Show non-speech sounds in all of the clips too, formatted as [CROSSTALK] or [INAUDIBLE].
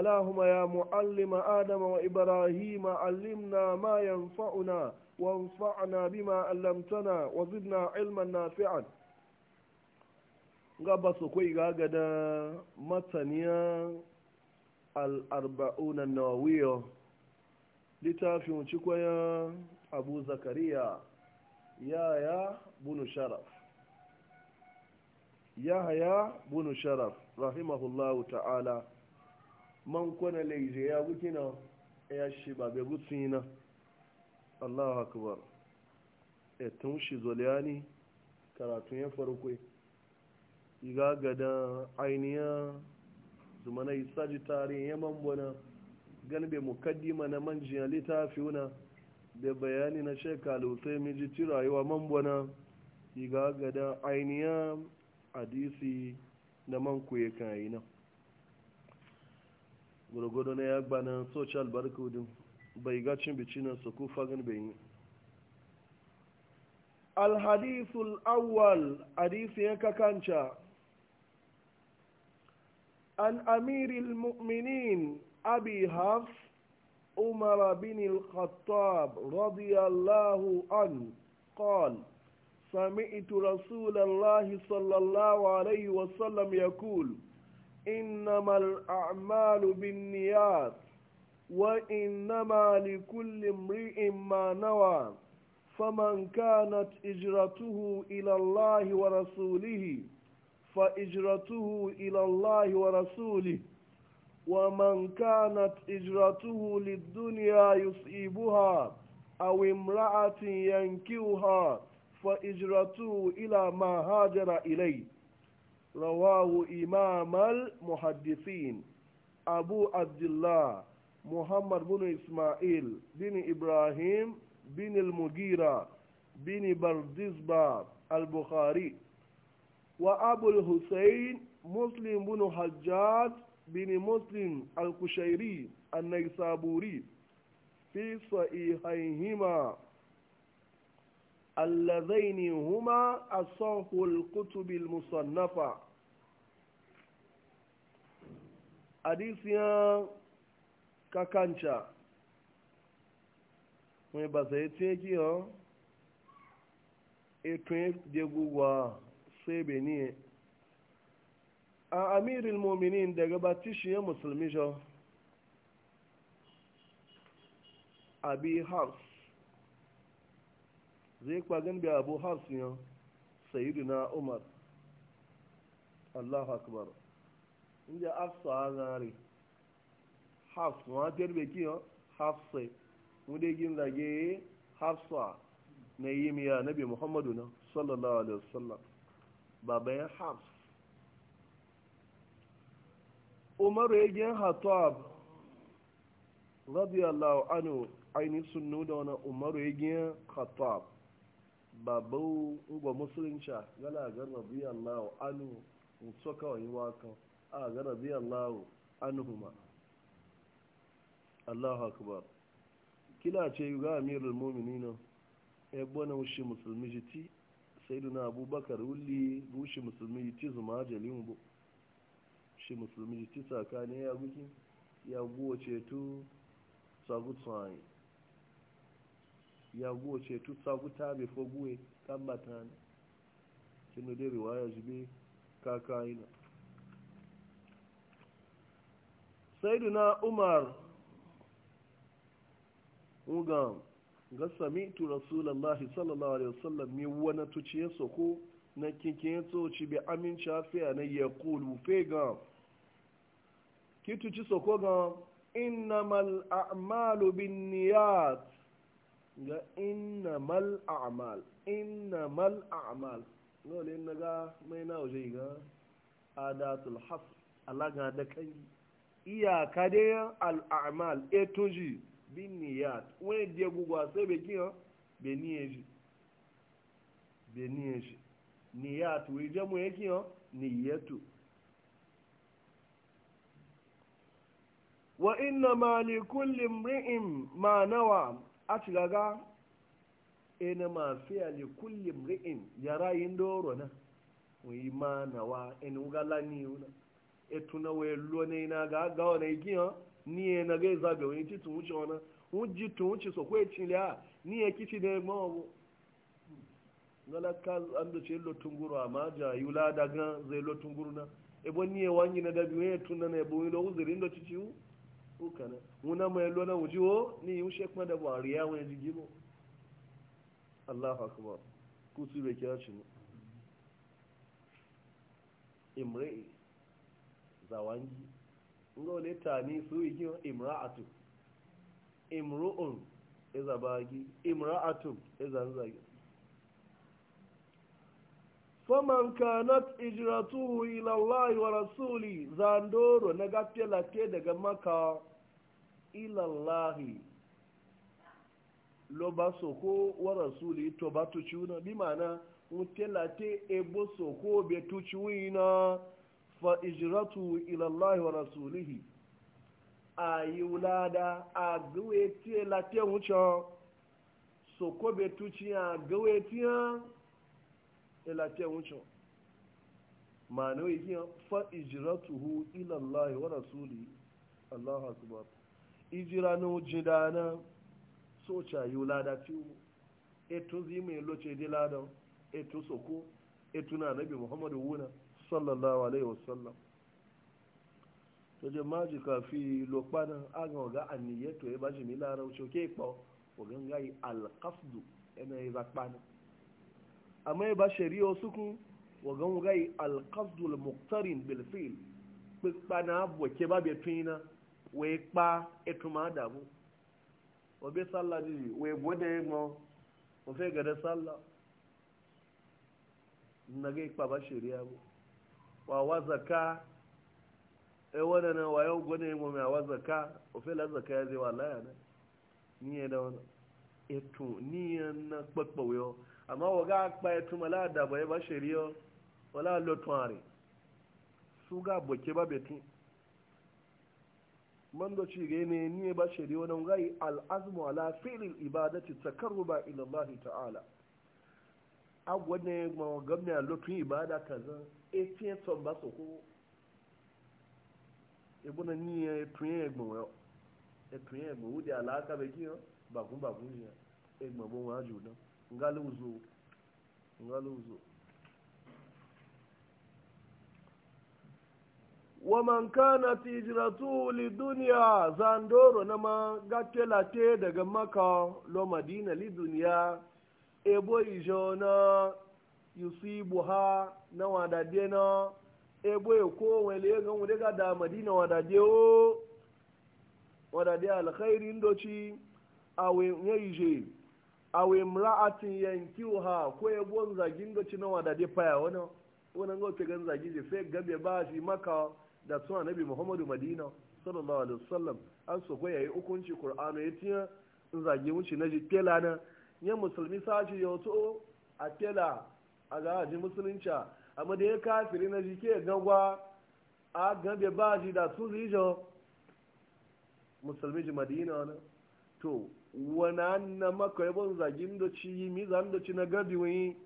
اللهم يا معلم آدم وإبراهيم علمنا ما ينفعنا وانفعنا بما علمتنا وزدنا علما نافعا gaba su kai gaga da mataniyan al'arba'unan nawawiyo littafin cikwayen abu zakariya yaya bunu sharaf yahaya bunu sharaf rahimahullahu ta'ala man kwana laije ya na ya shi ba bai na Allahu akbar ya e, tun shi zoliyani karatun ya farko iga gada ainiya zumana isaji tare ya mambona ganbe mukaddima na manjiya littafi una da bayani na shekaru sai miji ci rayuwa mambona iga gada ainiya hadisi na man kuye kayi nan gwargwado na ya gbana soci albarka udin bai gacin bici na su kufa gan bai yi awwal hadisi ya kakanca an amiril mu'minin abi haf umar bin khattab radiyallahu an قال سمعت رسول الله صلى الله عليه وسلم يقول إنما الأعمال بالنيات وإنما لكل امرئ ما نوى فمن كانت إجرته إلى الله ورسوله فإجرته إلى الله ورسوله ومن كانت إجرته للدنيا يصيبها أو امرأة ينكوها فإجرته إلى ما هاجر إليه رواه إمام المحدثين أبو عبد الله محمد بن إسماعيل بن إبراهيم بن المغيرة بن بردزبة البخاري وأبو الحسين مسلم بن حجاج بن مسلم الكشيري النيسابوري في صحيحيهما اللذين هما أصح الكتب المصنفة hadisiyan kakancha, mai ba zai e giyo ikon deguwa sai ni a amirin mominin daga batishiyar musulmi jo abi hafs zai kwagan bi abu hafs ne sayiduna umar allahu akbar inda afsa azari hafs ma terbe kiyo hafsa mude gin zage hafsa na yi miya nabi muhammadu na sallallahu alaihi wasallam babayan hafs umar yagin hatab radiyallahu anhu aini sunnu da wani umar yagin hatab babu ugwa musulunci galagar radiyallahu anhu mutu kawai wakan a ga radiyallahu anhuma Allahu akbar kila ce ga amirul mu'minin e bona ushi musulmi jiti sayyidina abubakar wulli bushi musulmi jiti zuma jalin bu shi musulmi jiti sakane ya guki ya guwa ceto tsagutsuwaye ya guwa ceto tsaguta bai foguwe kan batana kinu dai riwaya jibe kakaina saiduna umar ugan ga sami'tu rasulullahi sallallahu alaihi wasallam mi wani tuciye soko na kinkin tsoci bi aminci afiya na ya kulu fegan ki tuci soko gan innamal a'malu bin niyat ga innamal a'mal innamal a'mal lole na ga mai na waje ga adatul hasr da kai. iyaka dai al'amal etunji bi niyat wani e diya gugwa sai bai kiyo bai niye shi bai niye shi niyat wai jamu ya kiyo wa inna ma li kulli mri'in ma nawa a cigaga ina e ma fiya li kulli mri'in yara yin doro na wa ma nawa in ugalani na etuna we lone na ga ga ona igiyo ni e na ga za be oni ti tun cho ji unji tun e chi so kwe chi la ni e kichi de mo bo ngala ka ando che lo tunguru ama ja yula da ga ze lo tunguru na e bo ni e wangi na da bi we tuna na e bo lo uziri ndo chi chi u ukana una mo e lo na uji o ni u she kwa da bo ari ya we jigibo Allahu akbar kusu be kya chi imre'i zawangi ngole tani su yi imra'atu imru'un iza e bagi imra'atu iza e zagi faman kanat ijratuhu ila Allah wa rasuli zandoro na gafiya lafiya daga maka ila Allah lo ba soko wa rasuli to ba tuci bi mana mutelate te ebo e soko be tuci fa ijiratu ila Allah wa rasulihi ayiwulada agawe tie late wucho soko be tuchi agawe tie late wucho mano yi fa ijiratuhu ila Allah wa rasulihi Allah akbar ijira no jidana socha cha yiwulada ti eto zi me loche dilado eto soko eto na nabi Muhammadu wuna sallallahu alaihi wasallam to je maji kafi lokpana agan ga aniye to e baji mi lara o choke po o ganga yi alqasdu ena e zakpana amma e ba shari'o suku o ganga yi alqasdu almuqtarin bil fi'l pe pana bo e ke ba be twina we pa etuma dabu o be salla di we bode mo e o fe gada salla nage e pa ba shari'a bo wa zaka e wani na wa yau gwani wa zaka, o fela zaka ya zai wa laya Ni ya da wani eto ya na kpakpa wuyo amma wa ga akpa ya tuma la da ba ya ba shari'a wala lotuwari su ga boke ba betu mando ci ga ne ni ya ba shari'a wani gai al'azmu ala fi'il ibadati takarruba ila Allah ta'ala agwa ne ma gamne a lokacin ibada kaza e tiye son ba so ko e bona ni e tiye egbo wo e tun tiye egbo wo de alaka be ki ba kun ba kun ya egbo bo wa ju na ngalo uzo ngalo uzo waman kana tijiratu li duniya zandoro na ma gacce te daga maka lo madina li duniya ebo ijeona na igbo ha na wadade na ebo eko wele ga wuri ga da madina wadade o wadade alkhairi ndochi awe nye ije awe mra'atin ha ko ebo nzagi ndochi na wadade paya wono wono ngo te ga nzagi je fe gabe ba shi maka da tsuwa nabi muhammadu madina sallallahu alaihi wasallam an so ko yayi hukunci qur'ano yatiya nzagi wuce na je nye musulmi sashi ya wasu a tela a ga haji musulunci amma da ya kafiri na jike gangwa a gambe ba ji da su rijo musulmi ji madina wani to wani na maka yabon zagin da ci yi mizan da ci na gabi wani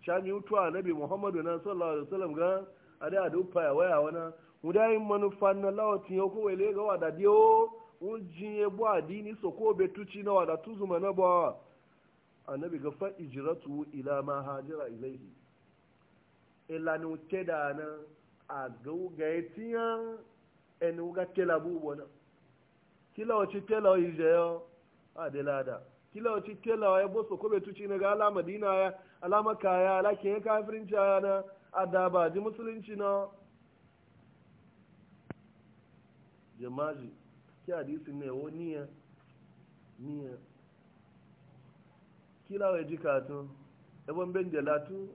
shami utuwa nabi muhammadu na sallallahu alaihi wasallam ga a da da upa ya waya wani mudayin manufa na lawatin yau kowai lega wada diyo un jinye bu adini so ko betuci na wada tuzuma na bawa annabi ga fa ijiratu ila ma hajira ilayhi ilanu teda na a gauga ya tiya en uga tela na kila wace tela ije ijeyo a delada kila wace tela wa ya boso ko be tuci na ga ala dina ya alama kaya alakin ya kafirin na adaba ji musulunci na jama'i ki hadisi ne wo niya niya kila wa ji katun ebon mbende latu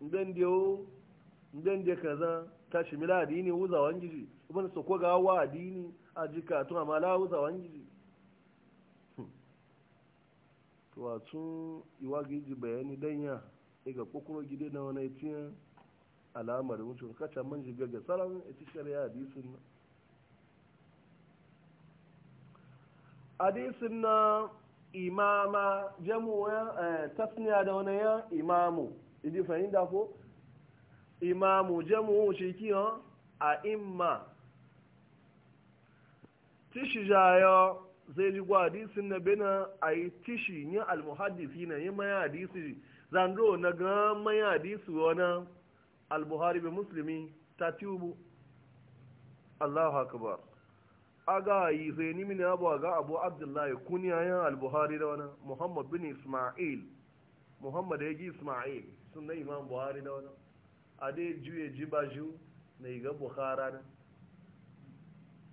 mbende o mbende kaza tashi mila adini wuza wangiji ibn so ko ga wa adini a ji katun amma la wuza wangiji hmm. to a tun iwa giji bayani danya e ga kokoro gide na wani tiyan alamar mutu kacha manji gaga ga tsaron ita shari'a hadisin na hadisin na imama jamu eh, tasniya da wani ya imamu idi fahimta ko imamu jamu shi kiyan a imma tishi jayo zai ji gwa hadisin na bena a yi tishi yin almuhaddisi na yi maya hadisi zandro na ga maya hadisi wani albuhari bi musulmi ta tubu allahu akbar aga yi sai ni mini abu ga abu abdullahi kuniya yan al-buhari da wani muhammad bin isma'il muhammad ya ji isma'il sun na imam buhari da wani a dai juye ji ba ju na yi ga bukhara na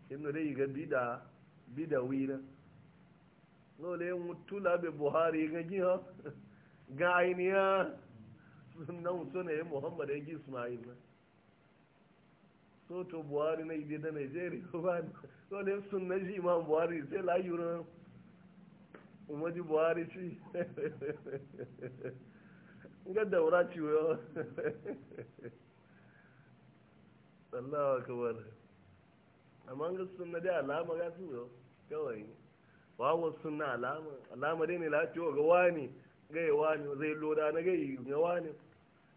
inu da yi ga bida n'o wina lole mutu labe buhari ga ji ha [LAUGHS] ga ainiya sun na mutu na yi muhammad ya ji isma'il na soto buhari na ide da nigeria [LAUGHS] ba so ne sun na ji imam buhari sai layura umaji buhari ci [LAUGHS] ga daura ci Allah wa [LAUGHS] kamar, amma ga sunna dai alama ga su yau kawai wawo sunna alama alama dai ne lafiya ga wani ga wani zai loda na ga wani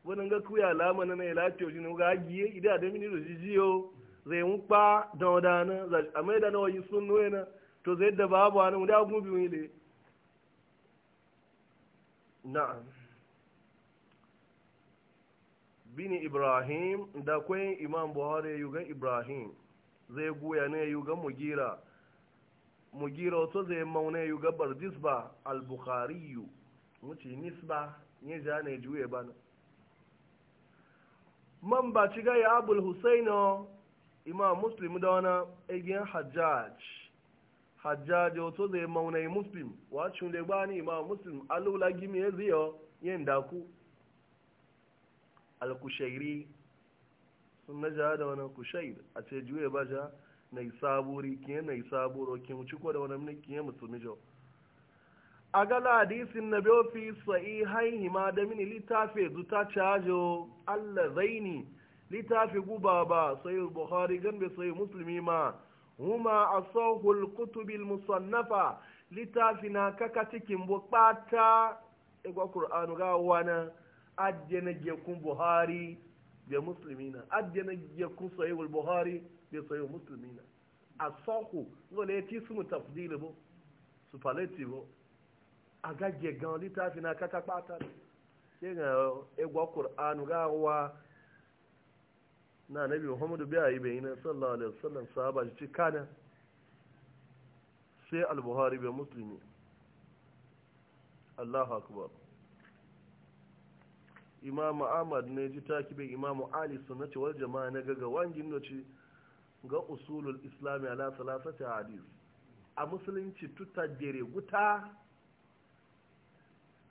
wani ga kuya alama na mai lati oji ne ga agiye ida da mini roji jiyo zai mu pa don da na a mai da sun noye na to zai da babu wani mu da gubi mu ile na'am bini ibrahim da kwayin imam buhari yugan ibrahim zai goya ne yugan mugira mugira wato zai maune yugan bardisba al-bukhariyu mu ci nisba bana man ba ci gaya abul husaino imam muslim da wani egin hajjaj hajjaj wato zai maunai muslim wacin da ni imam muslim alula gimi ya ziyo yin daku alkushairi sun na ja da wani kushair a ce juye ba ja na isaburi kiyan na isaburo kiyan ko da wani kiyan musulmi jau A gala hadisin na biyo fi sa'i haihi ma da mini littafi zuta cajo allah zaini littafi guba ba sai gan bai sai musulmi ma huma sahul kutubil musannafa littafi na kaka cikin bukata igwa kur'anu ga wani ajjana gekun buhari da na. muslimina ajjana gekun sai buhari da Musulmi na. bi sahih muslimina ya ci su sumu tafdil bo superlative a gage gan littafi na kata kpata ṣe ga egwa qur'anu ga wa na nabi muhammadu bai yi bai na sallallahu alaihi wasallam sahaba ti kana sai al-buhari bai allahu akbar imam ahmad ne ji ta bai imam ali sunnati wal jama'a na gaga wangin noci ga usulul islami ala salasati hadis a musulunci tuta jere guta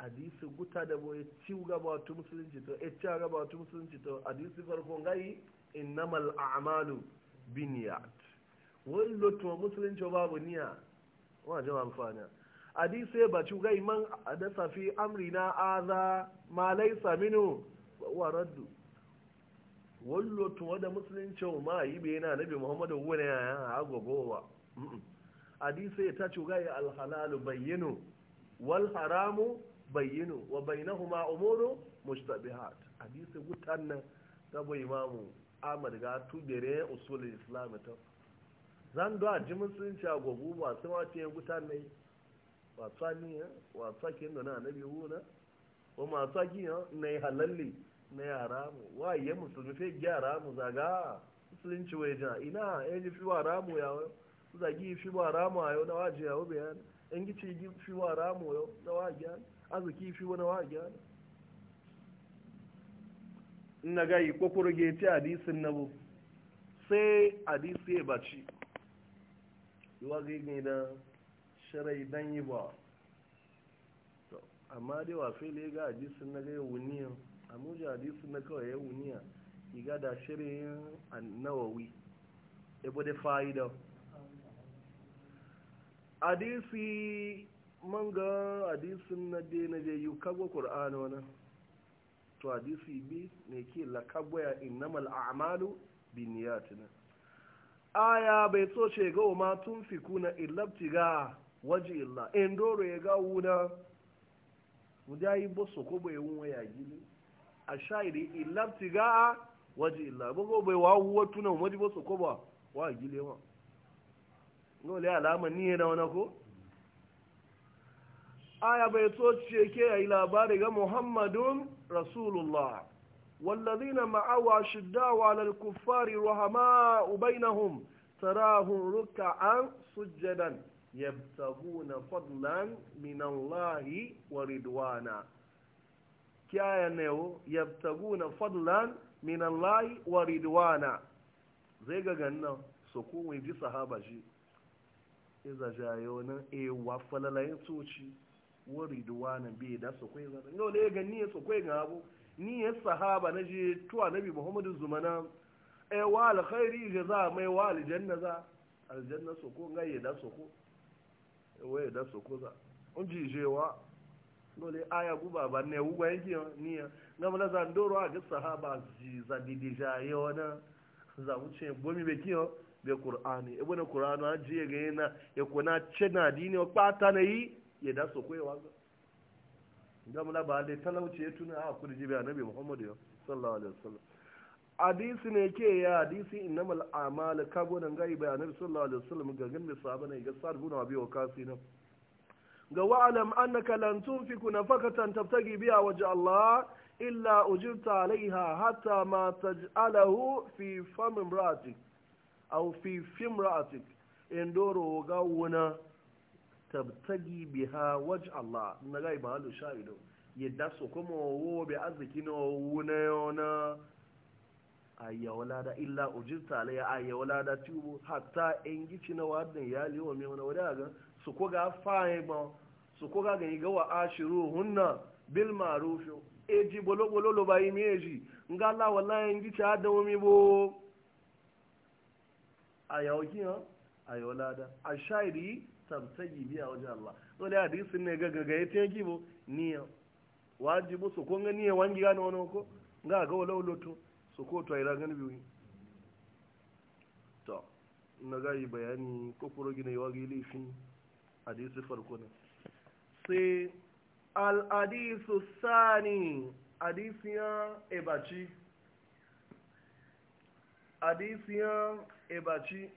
hadisi guta da boye ciwo gaba tu musulunci to e ciwo gaba tu musulunci to hadisi farko ngai innamal a'malu binniyat wani to musulunci babu niyya wa jama amfana hadisi ba ciw gai man safi fi na aza ma laysa minu wa raddu wani to da musulunci ma yi na nabi muhammadu wani ya agogowa hadisi ta ciw gai alhalalu bayyinu wal haramu bayyinu wa bainahuma umuru mushtabihat hadisi gutan nan ta bai imamu ahmad ga tubere usul islam ta zan do aji musulunci a gogu ba su wace ce gutan ne wasa ni ya eh? wasa na annabi huna o ma tsaki ya eh? na halalli na yara mu wa ya musulmi fe gyara mu zaga musulunci wai jina ina ya eh, ji fi wa mu ya zagi fi wa mu ayo yau waje ya wai bayan in gici fi wa mu yau da waje ya arziki fi wani wa gyara na gayi kwakwaro geti hadisin na bu sai hadisi ya baci yiwa gini gani da shirai dan yi ba amma dai wa fele ga hadisin na ga wuniya amuja hadisin na kawai ya wuniya iga da shirin annawawi ebe da fa'ida hadisi man ga hadisin na dai na dai yi kagwa ƙur'ani wani to hadisi bi ne ke lakagwa ya innamal a'malu bi niyatina aya bai so ce ga ma tun fi kuna illabti ga waje illa in doro ya ga wuna muda yi boso ko bai wun waya gili a sha'iri illabti ga waje illa ba ko bai wa wuwa tunan waje boso ko ba wa gile ma ngole alama ni na wana ko aya bai so ce ke yi labari ga muhammadun rasulullah wallazina ma'awa shiddawa lal kufari rahama ubainahum tarahum ruk'an sujadan yabtaguna fadlan min allahi wa ridwana yabtaguna fadlan min allahi wa ridwana zai ga gannan su kuma ji sahaba shi iza jayo e wa falalayin soci wari duwanan bai da su kwai zata yau ne ga niyyar su kwai ga abu ya sahaba na je tuwa nabi muhammadu zumana ai eh, wa alkhairi ga za mai wa aljanna za aljanna su ko ga da su ko eh, waye da su ko za un ji jewa dole aya guba ba ne wuga yake niyya na mala zan doro a ga sahaba ji za didija yau na za mu ce bomi be kiyo be qur'ani ibn e qur'ani ajiye ga yana ya kuna cina dini wa pata na yi ya da koyewa ga gamla ba dai talauci ya tuna a kudu jibi annabi muhammadu ya sallallahu alaihi wasallam hadisi ne ke ya hadisi innamal a'mal kago nan gai bai annabi sallallahu alaihi wasallam ga gan mai sahaba ne ga sar guna biyo kasi nan ga wa'alam annaka lan tunfiku nafakatan tabtagi biha wajh Allah illa ujirta alaiha hatta ma taj'alahu fi fam imra'atik aw fi fimra'atik indoro ga wuna tabtagi biha waj Allah na gai ba halu sha'ido yadda su kuma wo bi arziki na wo na yona ayyawala da illa ujirta alayya ayyawala da tubu hatta in gici na wadin ya liwa mai wani wadda ga su ko ga fahe ba su ko ga gani wa ashiru hunna bil ma'ruf eji bolo bolo lo bayi meji ngala wallahi in gici adawo mi bo ayyawo kiyan ayyawala da ashari tamtagi biya wajen Allah dole hadisin ne ga ya ki bo niya wajibu su ko ga niyya wangi gane wani ko ga ga wala loto su ko to ira gani biyu to na ga yi bayani ko kuro gina yawa gili laifin hadisi farko ne sai al hadisu sani hadisiyan ebaci hadisiyan ebaci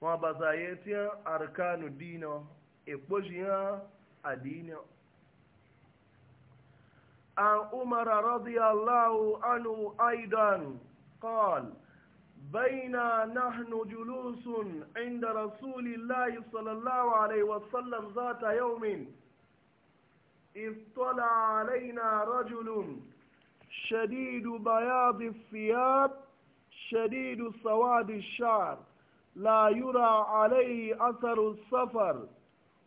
wọn ba zaye tiyan arkanu dina ekpojiyan adina عن عمر رضي الله عنه أيضا قال بينا نحن جلوس عند رسول الله صلى الله عليه وسلم ذات يوم اطلع علينا رجل شديد بياض الثياب شديد سواد الشعر لا يرى عليه أثر السفر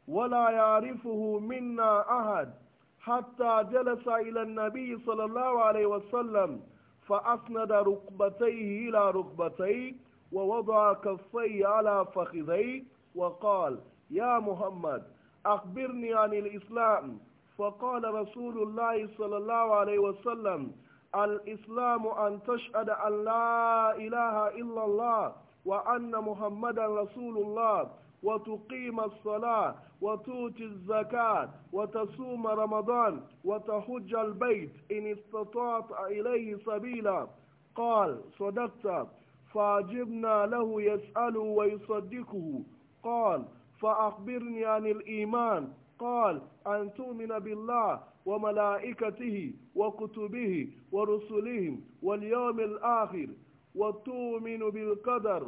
ولا يعرفه منا أحد حتى جلس إلى النبي صلى الله عليه وسلم فأسند ركبتيه إلى ركبتيه ووضع كفيه على فخذيه وقال يا محمد أخبرني عن الإسلام فقال رسول الله صلى الله عليه وسلم الإسلام أن تشهد أن لا إله إلا الله وأن محمدا رسول الله وتقيم الصلاة وتؤتي الزكاة وتصوم رمضان وتحج البيت إن استطعت إليه سبيلا قال صدقت فعجبنا له يسأله ويصدقه قال فأخبرني عن الإيمان قال أن تؤمن بالله وملائكته وكتبه ورسله واليوم الآخر وتؤمن بالقدر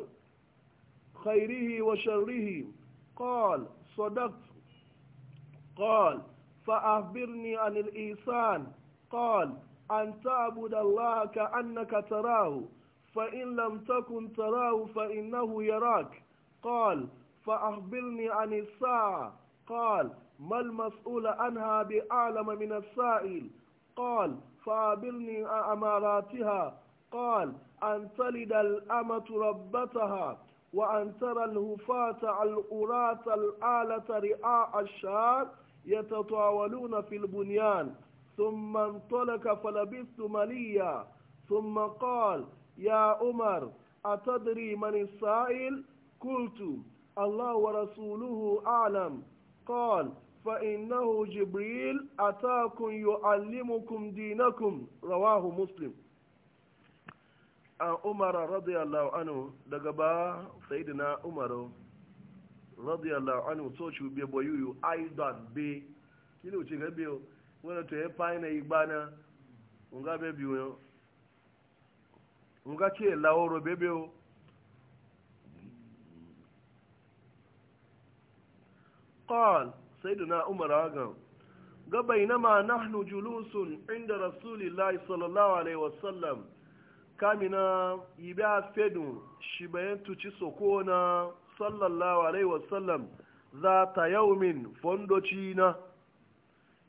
خيره وشره قال صدقت قال فأخبرني عن الإيسان قال أن تعبد الله كأنك تراه فإن لم تكن تراه فإنه يراك قال فأخبرني عن الساعة قال ما المسؤول عنها بأعلم من السائل قال فأخبرني عن أماراتها قال أن تلد الأمة ربتها وأن ترى الهفاة القراة الآلة رعاء الشار يتطاولون في البنيان ثم انطلق فلبثت مليا ثم قال يا عمر أتدري من السائل قلت الله ورسوله أعلم قال فإنه جبريل أتاكم يعلمكم دينكم رواه مسلم an umar radiyallahu anhu daga ba sayidina umaru radiyallahu anhu so shi be boyuyu aidan be kile uchi ga biyo wona to e paina igbana unga be bi yo unga che la oro be be قال سيدنا عمر اغا ga bainama nahnu julusun inda rasulillahi sallallahu alaihi wasallam kamina ibe a fedun shi bayan tuci soko na sallallahu alaihi wasallam za ta min fondoci na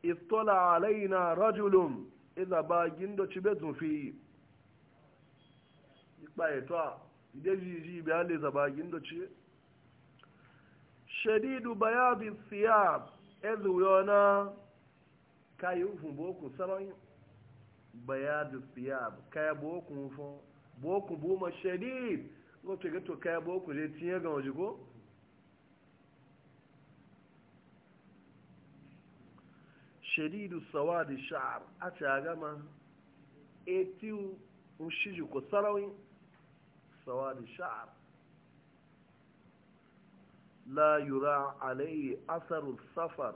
istola alaina rajulun iza ba gindoci be zunfi ipa eto a ide jiji ibe a le zaba gindoci shadidu siya ezu ezuyona kayi ufun bokun saranyin bayadu siyab kaya boku fo boku buma shadid ngo tege gato kaya boku je tiye ga ojugo shadidu sawadi sha'r ata gama etiu ushiju ko sarawin sawadi sha'r la yura alayhi atharu safar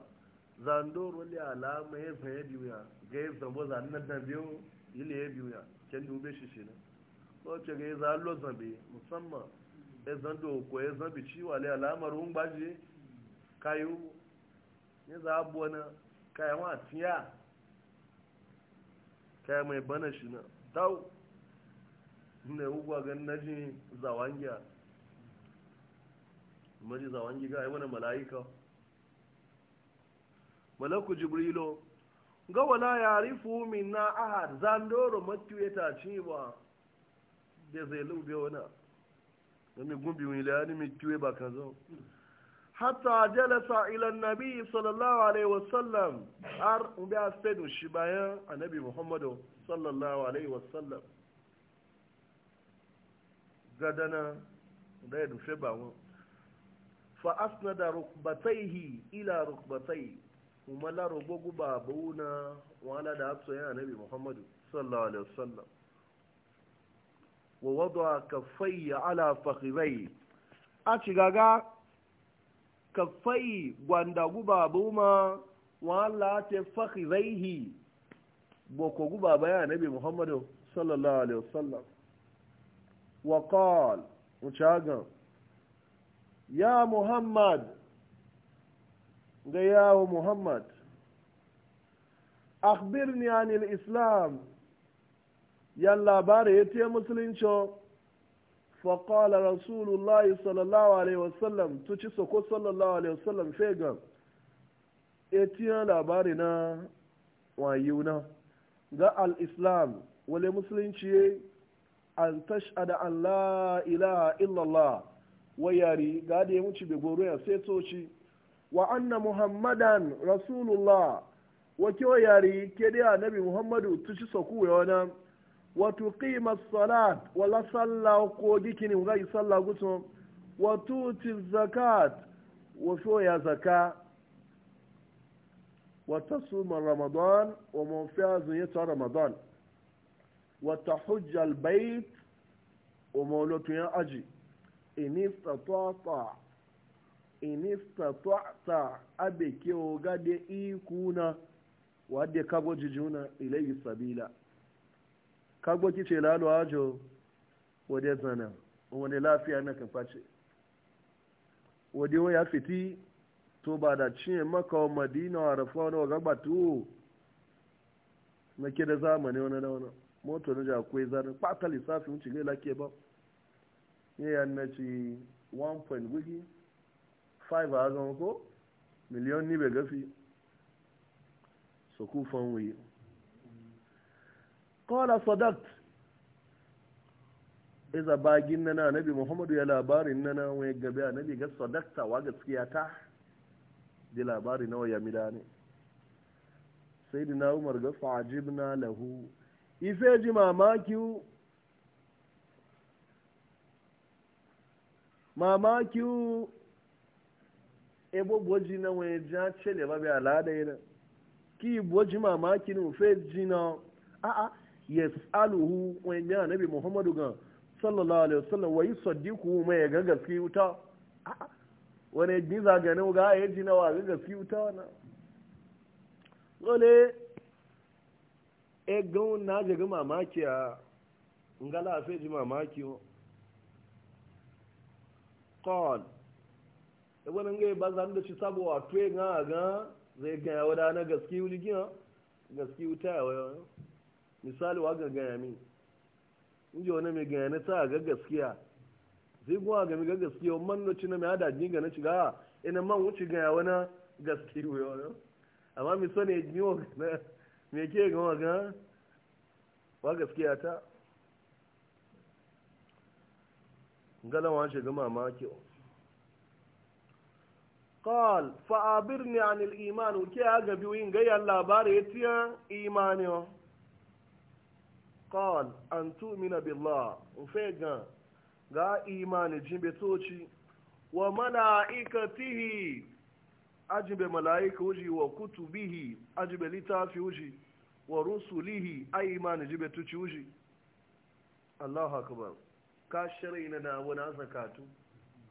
zandoro li alama ya fayadi ya ga yi zambo zanen da biyu ile ya biyu ya ken dube shi shi ne wace ga yi za lo zambe musamman ya zando ko ya zambi ciwa le alamar hun gbaji kayu ya za abuwa na kayan wa tiya kaya mai bana shi na tau ne ugwa gan naji zawangiya maji zawangi ga yi wani mala'ika malaku jibrilo ga wala ya rifu min na ahad zandoro matu ya tace ba da zai lube wana wani gumbi mai layani mai kiwe ba ka zo hatta jalasa ilan nabi sallallahu alaihi wasallam har in a stedo shi bayan annabi muhammadu sallallahu alaihi wasallam gadana da ya dufe ba wani fa asnada rukbataihi ila rukbataihi kuma laro gogu ba bauna wala da hafsa ya nabi muhammadu sallallahu alaihi wasallam wa wada kafayya ala fakhirai a cigaga kafai gwanda guba buma wala ta fakhiraihi boko guba ya nabi muhammadu sallallahu alaihi wasallam wa qala uchaga ya muhammad ga yawo muhammad ni anil islam yan labarai ya te musulunci faƙala rasulullah sallallahu alaihi wasallam tuci soko sallallahu alaihi wasallam fegan etiyan labari na wayuna ga al-islam wale musulunci an tashada an la ilaha illallah wayari ga da ya wuce bai goro ya sai toci وأن محمدا رسول الله وكيو ياري كده نبي محمد تشي سكو يونا وتقيم الصلاة ولا صلى وقودي كني مغاي صلى قسم وتوتي الزكاة وشو يا زكاة وتصوم رمضان ومنفاز يتا رمضان وتحج البيت ومولوت يا أجي إن استطعت istata'ta abe o gade ikuna wadde kago jijuna ilayhi sabila kago ce lalo ajo wadde zana wadde lafiya na kan face wadde ya fiti to ba da cin maka wa madina wa rafa wani waga batu na ke da zamani wani da wani moto na jakwai zanen kwata lissafin wuce gai lake ba yayin na ci 1.wiki 5 a zama ko miliyon ni bai gafi su wuyi kawala sadat iza bagin nana nabi muhammadu ya labarin nana wani gabe a nabi ga sadakta wa gaskiya ta di labari nawa ya mida ne sai na umar ga na lahu ife ji mamaki mamaki ebo gboji na wani jan cele ba bai alada yana ki boji mamaki ne fe jina a a yas'aluhu wani ya nabi muhammadu gan sallallahu alaihi wasallam wa yusaddiqu ma ya ga gaske wuta a wani ji zagane ga ya na wa e ga gaske wuta na dole e na ga mamaki a ngala fe ji mamaki qala da e wani ngai e ba zan da shi sabo a tuwe ga ga zai ga ya wada na gaski wuli gina gaski wuta ya wayo misali wa ga gaya min inji wani mai gaya na ta ga gaskiya zai guwa ga mi ga gaskiya man no ci na mai hada ni ga na ci ga ina e man wuce gaya wani gaski wuya amma mi so ne ni mai ke ga wa ga wa gaskiya ta galawa shi ga mamaki قال فأبرني عن الإيمان وكي أغبي وين غير الله باريتيا إيماني قال أن تؤمن بالله وفيقا غا إيمان جنب توشي وملائكته أجب ملائكة وجي وكتبه أجب لتافي وجي ورسله أيمان جنب توشي وجي الله أكبر كاشرين ناونا زكاتو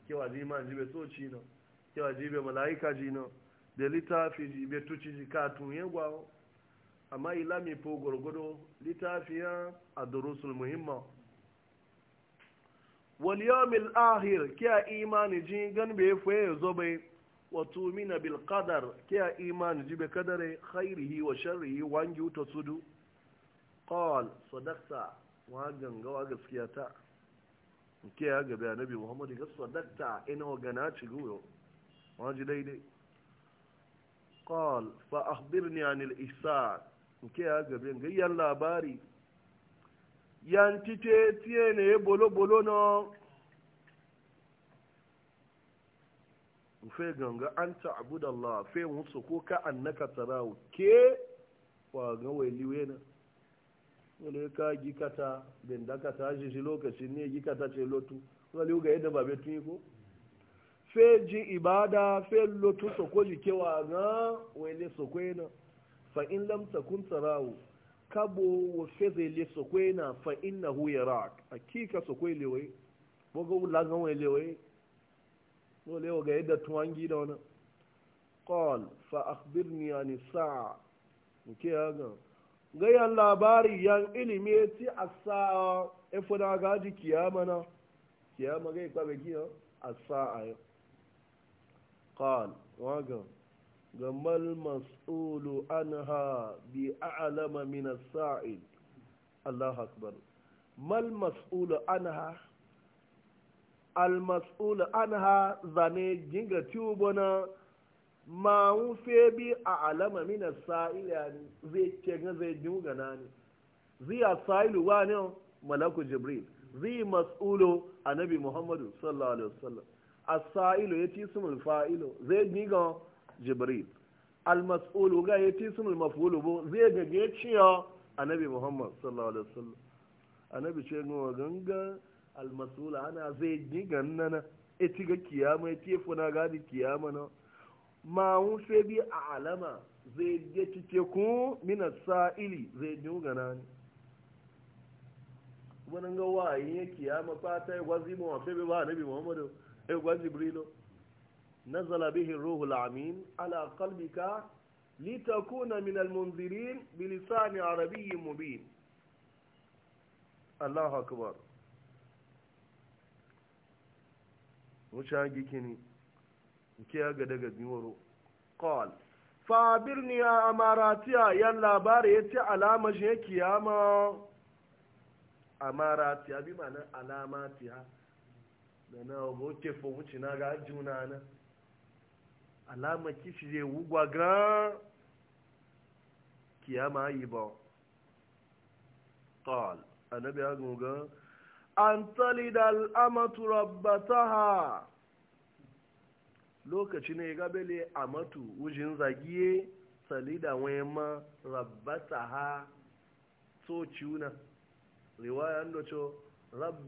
كي وزيمان جنب توشي نو cewa jibe malaika jino da littafi jibe tuci jika tunye gwawo amma ilami po gwargwado littafiya a durusul muhimma wal yawmil ahir kiya imani ji gan be foye zobe wato mina bil qadar kiya imani ji be kadare khairihi wa sharrihi wangi to sudu qal sadaqta wa ganga wa gaskiya ta kiya ga bi annabi muhammad ga sadaqta ina wa gana ci guyo waji daidai qal fa akhbirni anil isa nke ya gabe gayyan labari yan tite tiye ne bolo bolo no fe ganga an ta ta'budallah fe musu ko ka annaka tarawu ke wa ga weli wena wani ka gikata bin da ka tashi shi lokacin ne gikata ce lotu wani ga yadda ba tun yi ko feji ibada fello tu soko wa ga wele soko na fa in lam takun tarahu kabo wa feze le soko na fa innahu yarak hakika soko lewe bogo la ga welewe no lewo ga yadda tuwangi da wannan qal fa akhbirni an sa'a nke ga yan labari yan ilimi ti asaa ga gaji kiyama na kiyama ga ikwa be giyo asaa yau ga واغا gama mas'ulu anha bi a'lama min as-sa'il Allahu akbar zane jinga na ma un fe bi a'lama min as-sa'il zai ce ga zai jinga nani zai as wa ne malaku jibril zai mas'ulu annabi muhammadu sallallahu alaihi wasallam asailu ya ci sumul fa'ilu zai giga jibril almas'ulu ga ya ci sumul mafulu bo zai gage ya ciya annabi muhammad sallallahu alaihi wasallam annabi ce ga ganga almas'ulu ana zai giga nana e ci ga kiyama ya ci funa di kiyama na ma hun sai bi alama zai je cike ku mina sa'ili zai giga nan ne ga wayin ya kiyama fata ya wa mawafe bai ba annabi muhammadu ايوه جبريل نزل به الروح العمين على قلبك لتكون من المنذرين بلسان عربي مبين الله اكبر مشاغي كني كي أقدر غدي قال فابرني يا يا يلا باريتي يا ما أماراتي اماراتيا بمعنى علاماتي da na oke fo wuce na ga juna na alama kishi je wugwa ga kiyama yi ba qal annabi ya goga an talida al'amatu rabbataha lokaci ne ga bele amatu wujin zagiye salida wayan ma rabbataha ha ciuna riwaya ndo cho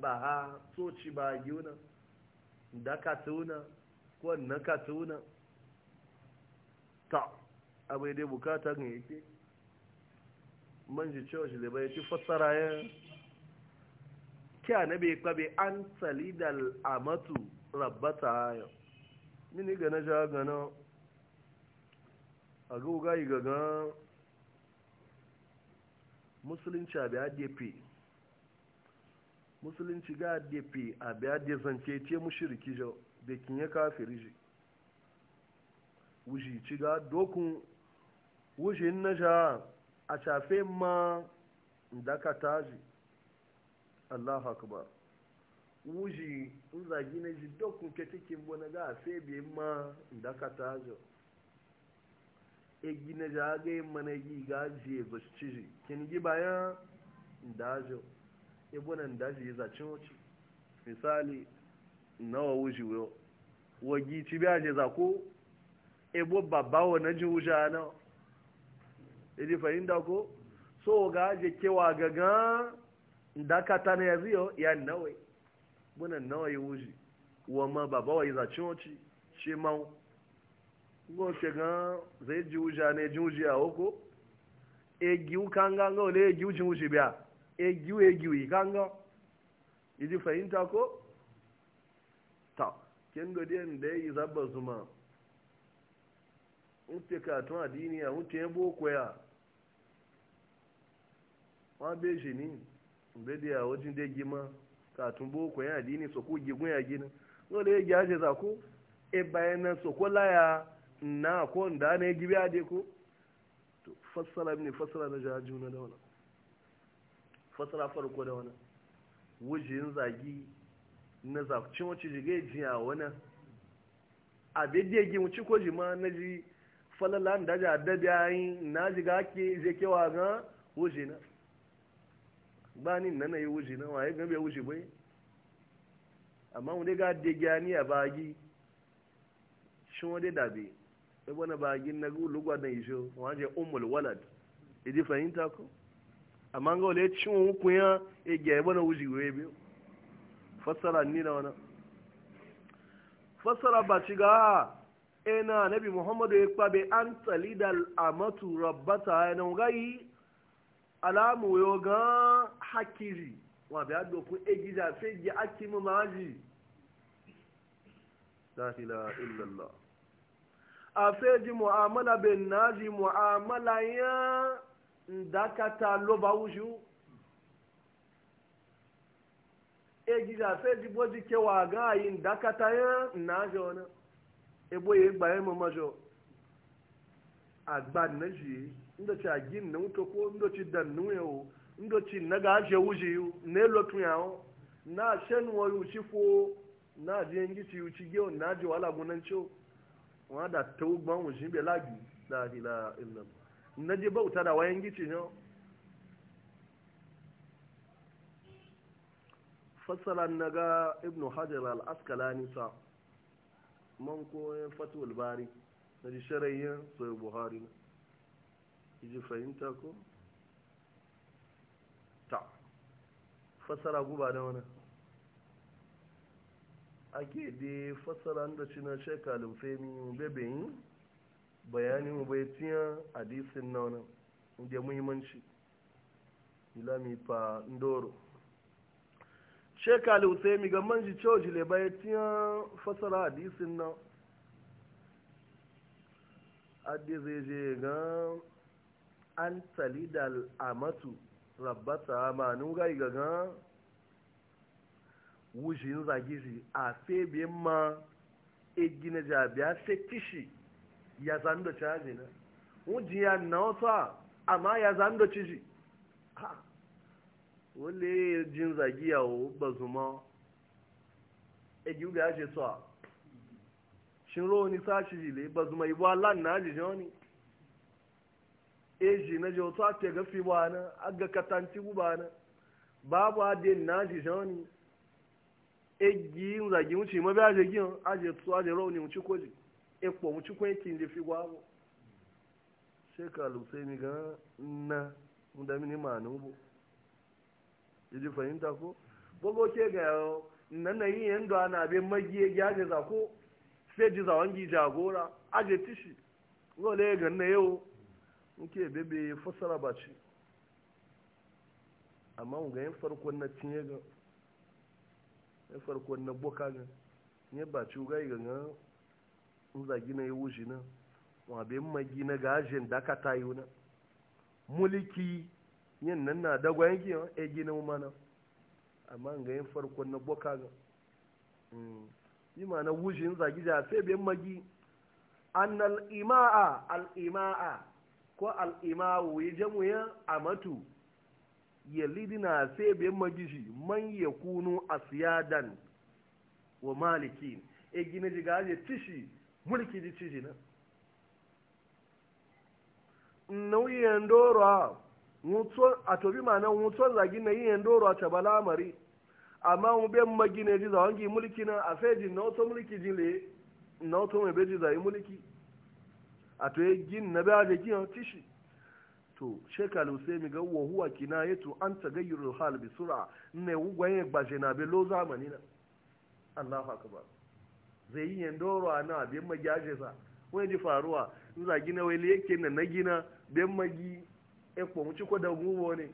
ha so ci ba una. da ka tuna ko na ka tuna ta abai dai bukata ne yake manji shi da bai ci fassara ya kya na bai kwabe an talidal amatu rabbata ya mini gana ja gana a ga gaga musulunci bi ya defe musulunci ga defe a biya da zance ce mushiriki jau da ya kafiri ji wuji ci ga dokun wujin na ja a shafe ma dakata ji allah akbar wuji in zagi na ji dokun ke cikin na ga a febe ma dakata ji egi na ja ga yi e mana yi ga je zo ci ji kin gi bayan da jau ibunan daji ya zaci wuce misali nawa wuce wuyo wagi ci biya je za ko ebo babba wa na ji wuce ana idi fahimta ko so ga je kewa gaga dakata na yanzu yau ya nawai bunan nawa yi wuce wa ma babba wa ya zaci wuce ce ma goce gan zai ji wuce ne ji wuce a hoko egi ukanga ga ole egi wuce wuce biya egiwe egiwe ganga iji fahimta ko ta ken gode da yayi zabba zuma mutu ka tun adini ya mutu ya boko ya wa be shi ni be da ya wajen da gima ka tun ya adini so ko gigun ya gina dole ya gaje za ko e bayan nan so ko laya na ko da ne gibe ade ko to fassara ne fassara na jajuna da wannan fasara farko da wani wujin zagi na zafcin wacce jige jiya wani a ya gimu ci ko jima na ji falalan da ja da bayan na ji ga ake zai kewa ga wuje na ba ni nana yi wuje na waye ga bai wuje bai amma wani ga da ni a bagi shi wani dabe sai wani bagi na lugwa da iso wani je umul walad idi fahimta ko amma wale cin hukun ya ya e gyaye bana wuji biyu fassara nina da wani fassara ba ci ga ena nabi muhammadu ya kwabe an tsali da matu rabata ya e nan gai alamu yo ga hakiri wa bi addo ku egida fe gi akimu maji la ilaha illallah a fe ji mu'amala bin naji mu'amala ya ndakata loba wuju egida fe jibo jike aga ga ndakata ya na ajo na ebo ye gba ye mamajo agba na ji ndo na wuto ko ndo ci dan nu yo ndo na ga aje ya o na shen wo fo na je ngi ci yu na je wala gunan cho wa da tawu gban wujin la ilaha na je bauta da wayan gici ne fassaran na ga ibn hajar al-askalani sa man koyon fatul bari na ji shirayen sai buhari na ji fahimta ko ta fassara guba da wani ake dai fassara da shi na shekalin femi yin bayani mu bai tiya hadisin na wani da muhimmanci ilami fa ndoro shekali usaimi ga manji coci le bai tiya fasara hadisin na adi zai je ga an tali amatu rabata rabbata ma nuga ga ga wujin zagi a febe ma egina a sai kishi ya zan da caji na wujiya na wata amma ya zan da ciji ha wale jin zagiya wo ba zuma e gi ga je shin ro ni sa ciji le ba zuma ibo Allah na ji joni e na je wata te ga fi bana aga katanti bu bana babu adin na ji joni e gi zagi mu ci ma ba je gi aje so aje ro ni mu ci koji ikpo mu cikin yankin da fi gwabo shekaru sai mi ga na da mini manu bu yaji fahimta ko bugo ke ga nan na yi yando ana be magiye gyaje za ko sai ji zawangi jagora aje tishi ya ga na yau nke bebe fasara ba ce amma ga yin farkon na cinye ga ya farkon na boka ga ne ba ci ga ga in zagi na ya wuce na wabe magi na gajin da ka tayo na mulki yin nan na dagwa yanki yawan e gina mana amma ga yin farko na boka ga yi hmm. ma na wuce in zagi a sai bai magi an al'ima'a al'ima'a ko al'ima'u ya jamu ya amatu yalidina sai bai shi man ya kunu siyadan wa maliki e gina jigaje tishi mulki di ciji na nauyin doro a a tobi ma nan wuton zagi na yi doro a taba lamari amma mu ben magine ji za wangi mulki na a feji na wato mulki ji le na wato mai beji za yi mulki a to yi gin na bai da gin tishi to shekaru sai mi ga wa huwa to an tagayyurul hal bi sur'a ne gwaye gbaje na be lo zamani na Allahu akbar zai yi yin na a nawa biyan magi ashe sa wani ji faruwa in za gina wai leke na na gina biyan magi ya mu ciko da gubo ne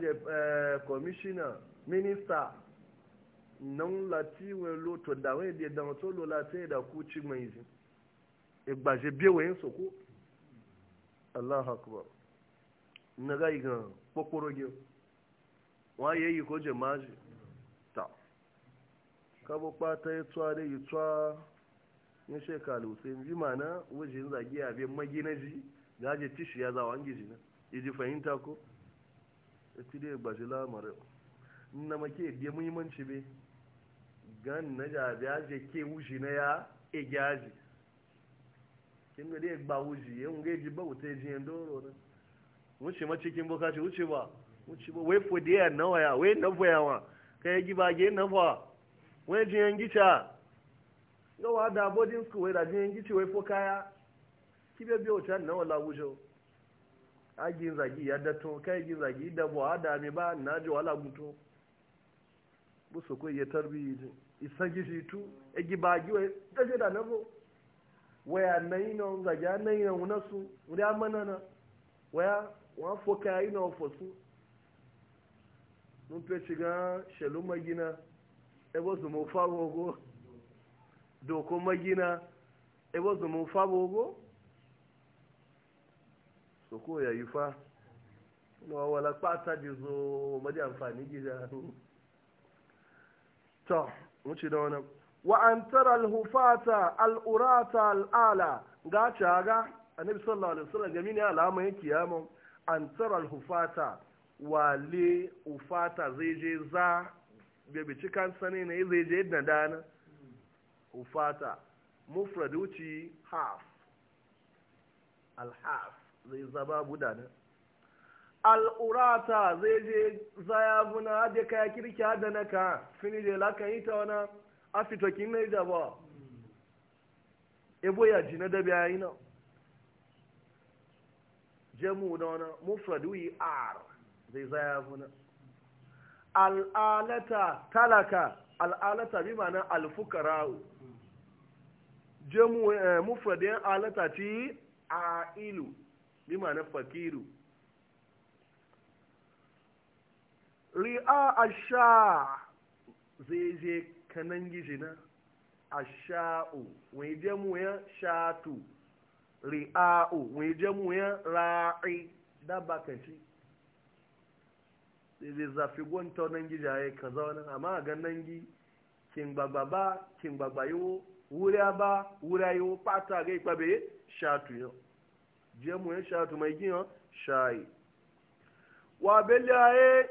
je eh, commissioner minista nan lati wani loto da wani da dan to lo lati da ku ci mai zin igbaje biye wayin soko allah akbar na ga igan kokoro gi wa yayi ko jama'a kabo kpata ya tsuwa da ya tsuwa ya shekaru sai ji mana wajen zage a biyan magina ji ake tishi ya zawa an gizi na iji fahimta ko ya ci dai gbaji lamarin na make biya muhimmanci be gan na jabi ya je ke wuji na ya ege aji kin ga dai gba wuji ya ngai ji ba wuta ji yan doro na wuce ma cikin bokaci wuce ba wuce ba wai fodiya nawa ya wai nawa yawa kai giba ge wai a gicha yawa da boarding school wai da jiyan gici wai fo kaya kibe biyo can na wala gujo agin zagi ya dato kai gi zagi e da bo ada me ba na ji wala guto buso soko ya tarbi isan gici tu egi ba gi da daje da nabo waya nayi no na nayi no nasu uri amana na waya wa foka kaya ino fo su mun to shiga shaluma ebo su mu fagogo doko magina ebo su mu fagogo so ko ya yi fa na wala kpata di zo madi amfani gida to wuce da wani wa an tara alhufata al'urata al'ala ga caga annabi sallallahu alaihi wasallam gami ne alama ya kiyama an tara alhufata wale ufata zai je za bebe ci kansa ne na zai je na dana ufata mufrad wuce half al-half zai zaba budana al'urata zai je zaya buna da kaya kirki da na ka fini da lakan yi ta wana a fitokin na ija ba ebo ya ji na dabi a yi na jemu na wana mufrad wuce r zai zaya buna al'alata talaka al'alata bi ma'ana alfukara'u mufradin eh, alata ci a ilu bi ma'ana fakiru ri'a asha zai je kanan gijina asha'u wani jemu ya shatu ri'a'u wani jemu ya ra'i dabba ci sai zai zafi gwanta nan gi jaye ka zauna amma a ga nan gi kin gbagba ba kin gbagba yiwo wuriya ba wuriya yiwo pata ga ipa be shatu yo jiya mu shatu mai gina shayi wa belaye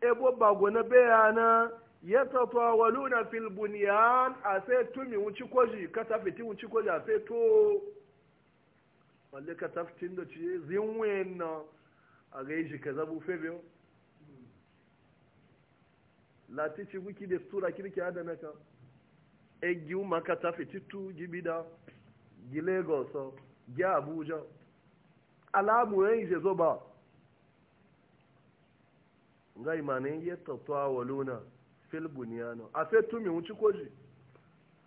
ebo bago na bayana ya tatawaluna fil bunyan a sai tumi wuci koji ka tafiti wuci koji a sai to wale ka tafitin da ci zinwen na a ga yi shi ka zabu febe lati ci wiki da sura kirki adana ka egi maka ta fititu gibida gi lagos gi abuja alamu yayin je zo ba ngai mane ya tattawa waluna fil buniano. afe tumi wuci koji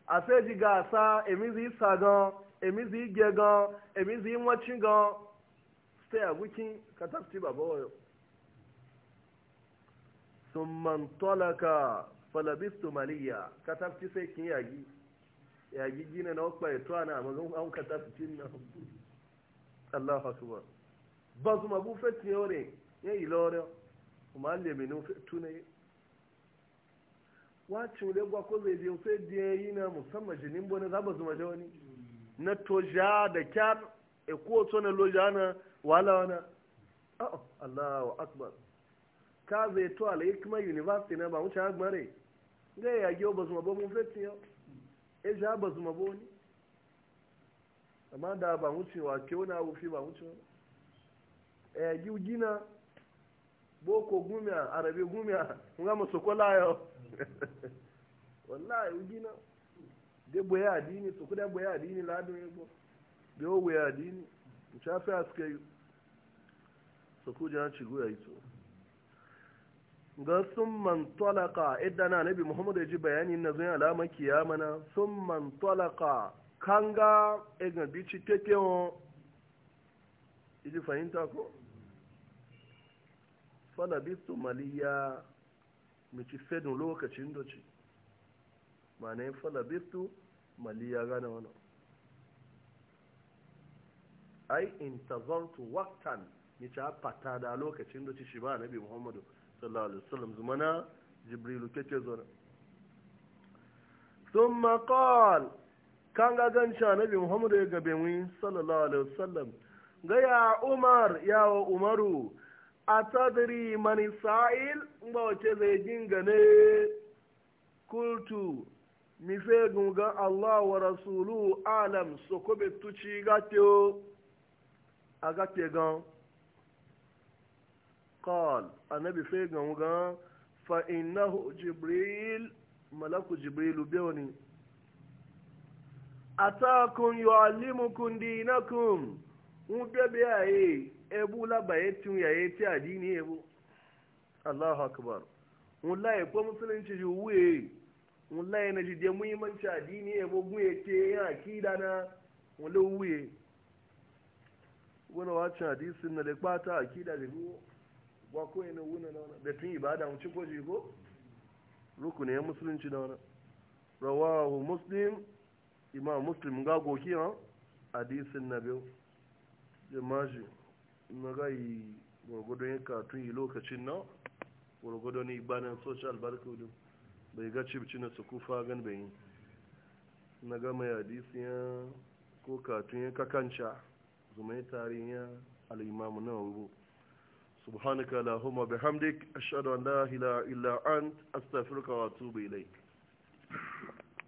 afe ji gasa emizi sagan emizi gegan emizi nwacin gan stay a wiki ka tafti baba wayo summan tolaka falabistu maliya katafci sai kin yagi yagi gina na wakpa ya tuwa na amazon an katafci na Allah hasuwa ba su mabu fetin yau ne ya ilore kuma an lemini tune wacin da gwa ko zai je sai da yi na musamman jinin bane za ba su maje wani na toja da kyar e tsona to na loja na wala wana Allah wa akbar ka zai to ala hikima university na ba wuce agbare ga ya gyo ba zuma ba mun fetin yau e ja ba zuma ba wani amma da ba wuce wa ke wani abu fi ba wuce wani e yagi gyo gina boko gumiya arabe gumiya kun ga masu kola yau [LAUGHS] wallahi gina de boya adini su kuda boya adini ladun yabo de o boya adini mu shafi aske su kuja ci goya yi so ga sun mantolaka talaka idan annabi muhammad ya ji bayani na zuwa alama kiyama na sun man talaka kanga ci bici tekewo iji fahimta ko fada bitu maliya ci fedun lokacin doci ma na yin fada bitu maliya gane wani ai intazartu waktan ni a fata da lokacin doci shi ba annabi muhammadu sallallahu alaihi wasallam jibrilu kake zona sun qal kan ga muhammadu ya ga ya umar ya wa umaru atadri man sa'il ba wace zai jingane kultu mi fe gunga allah wa rasulu alam sokobe tuci gatio gan قال النبي فيغا وغا فإنه جبريل ملك جبريل بيوني أتاكم يعلمكم دينكم وبيبي أي أبو لا بيتم يا يتي أديني أبو الله أكبر ولا يبقى مسلم تجوي ولا ينجي دي مهمان تأديني أبو ميتي يا كيدانا ولا وي وانا واتش حديث إن لك باتا أكيد أديني ba ko na wuna na da tun ibada mu ci ko ji ko rukuni ya musulunci na wani rawahu muslim imam muslim ga goki ha hadisin na biyu jimaji na gai gwargwadon ya katun yi lokacin na gwargwadon ibanin social barcode bai ga cibci na su kufa gan na gama ya hadisiya ko katun ya kakanca zumai tarihin ya al'imamu na rubu subhanaka la huma bihamdik ashhadu an la ilaha illa ant astaghfiruka wa atubu ilaik